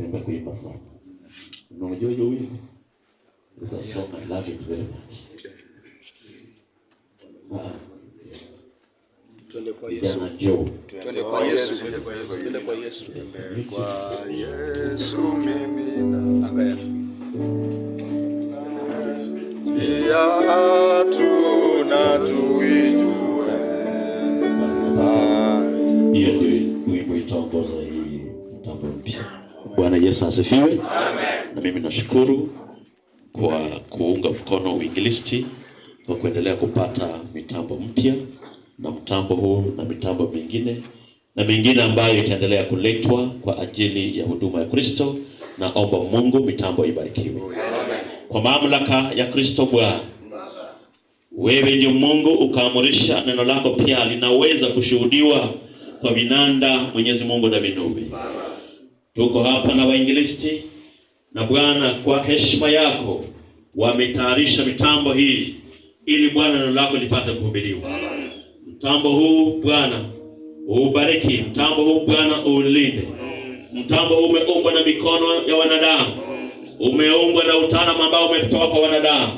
napenda kuimba sana. Unajua hiyo wimbo? It's a song I love it very much. Twende kwa Yesu. Twende kwa Yesu. Twende kwa Yesu. Twende kwa Yesu mimi na Ya Bwana Yesu asifiwe. Amen. Na mimi nashukuru kwa kuunga mkono uingilisti kwa kuendelea kupata mitambo mpya na mtambo huu na mitambo mingine na mingine ambayo itaendelea kuletwa kwa ajili ya huduma ya Kristo. Naomba Mungu mitambo ibarikiwe kwa mamlaka ya Kristo. Bwana, wewe ndio Mungu ukaamurisha, neno lako pia linaweza kushuhudiwa kwa vinanda, Mwenyezi Mungu na vinubi tuko hapa na wainjilisti na Bwana, kwa heshima yako wametayarisha mitambo hii ili Bwana neno lako lipate kuhubiriwa. Mtambo huu Bwana uubariki, mtambo huu Bwana ulinde. Mtambo huu umeumbwa na mikono ya wanadamu, umeumbwa na utaalamu ambao umetoka kwa wanadamu.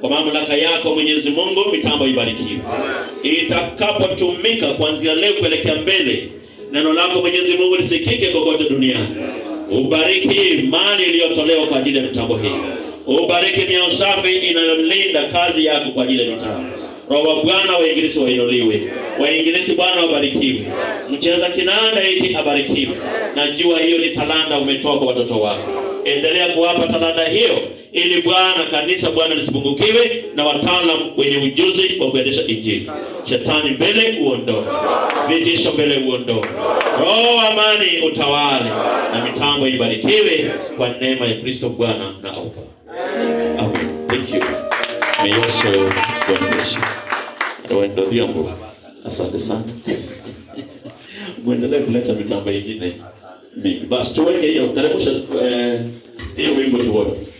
Kwa mamlaka yako Mwenyezi Mungu, mitambo ibarikiwe, itakapotumika kuanzia leo kuelekea mbele neno lako Mwenyezi Mungu lisikike kokote duniani. Ubariki mali iliyotolewa kwa ajili ya mitambo hii, ubariki mioyo safi inayolinda kazi yako kwa ajili ya mitambo. Roho wa Bwana waingilizi wainuliwe, waingilisi Bwana wabarikiwe, mcheza kinanda hiki abarikiwe. Najua hiyo ni talanta umetoa kwa watoto wako, endelea kuwapa talanta hiyo ili Bwana kanisa Bwana lisipungukiwe na wataalamu wenye ujuzi wa kuendesha Injili. Shetani mbele uondoe, vitisho mbele uondoe, roho amani utawale, na mitambo ibarikiwe kwa neema ya Kristo Bwana na Baba. Amen. Thank you. May Yesu bless you. Asante sana. Muendelee kuleta mitambo mingine mingi, basi tuweke hiyo, eh hiyo wimbo tuone.